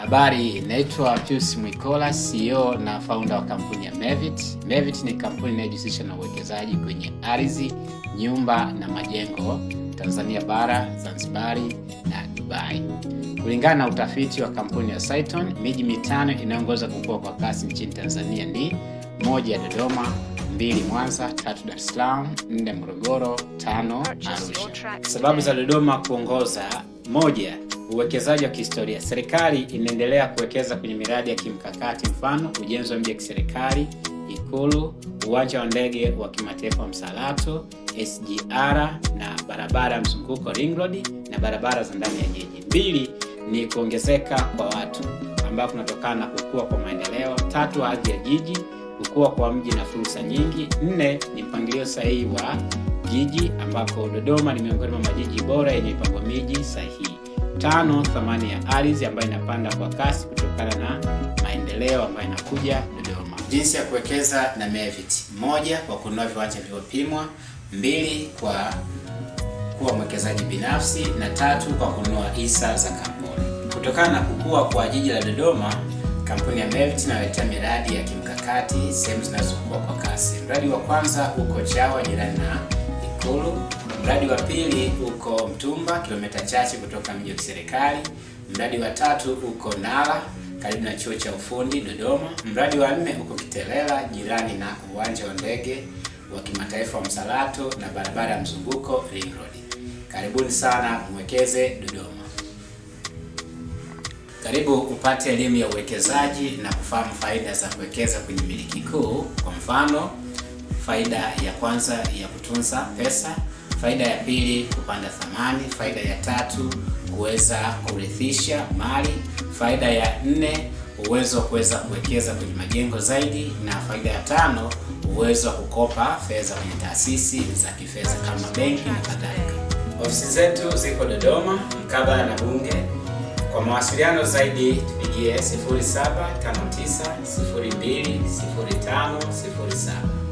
Habari, naitwa Pius Mwikola, CEO na founder wa kampuni ya Mevit. Mevit ni kampuni inayojihusisha na uwekezaji kwenye ardhi, nyumba na majengo Tanzania bara, Zanzibari na Dubai. Kulingana na utafiti wa kampuni ya Saiton, miji mitano inayoongoza kukua kwa kasi nchini Tanzania ni moja, Dodoma, mbili, Mwanza, tatu, Dar es Salaam, nne, Morogoro, tano, Arusha. Sababu za Dodoma kuongoza: moja Uwekezaji wa kihistoria. Serikali inaendelea kuwekeza kwenye miradi ya kimkakati, mfano ujenzi wa mji wa kiserikali, Ikulu, uwanja wa ndege wa kimataifa wa Msalato, SGR na barabara ya mzunguko ring road na barabara za ndani ya jiji. Mbili ni kuongezeka kwa watu ambao kunatokana na kukua kwa maendeleo. Tatu, hadhi ya jiji, kukua kwa mji na fursa nyingi. Nne ni mpangilio sahihi wa jiji, ambapo Dodoma ni miongoni mwa majiji bora yenye mipango miji sahihi tano thamani ya ardhi ambayo inapanda kwa kasi kutokana na maendeleo ambayo inakuja Dodoma. Jinsi ya kuwekeza na MEVIT: moja, kwa kununua viwanja vilivyopimwa; mbili, kwa kuwa mwekezaji binafsi; na tatu, kwa kununua hisa za kampuni. Kutokana na kukua kwa jiji la Dodoma, kampuni ya MEVIT inaletea miradi ya kimkakati sehemu zinazokuwa kwa kasi. Mradi wa kwanza uko Chawa, jirani na Ikulu. Mradi wa pili uko Mtumba, kilomita chache kutoka mji wa kiserikali. Mradi wa tatu uko Nala karibu na chuo cha ufundi Dodoma. Mradi wa nne uko Kitelela jirani na uwanja wa ndege wa kimataifa wa Msalato na barabara ya mzunguko Ring Road. Karibuni sana Mwekeze Dodoma. Karibu upate elimu ya uwekezaji na kufahamu faida za kuwekeza kwenye miliki kuu. Kwa mfano, faida ya kwanza ya kutunza pesa Faida ya pili, kupanda thamani. Faida ya tatu, kuweza kurithisha mali. Faida ya nne, uwezo wa kuweza kuwekeza kwenye majengo zaidi, na faida ya tano, uwezo wa kukopa fedha kwenye taasisi za kifedha kama benki na kadhalika. Ofisi zetu ziko Dodoma mkabala na Bunge. Kwa mawasiliano zaidi tupigie 0759020507.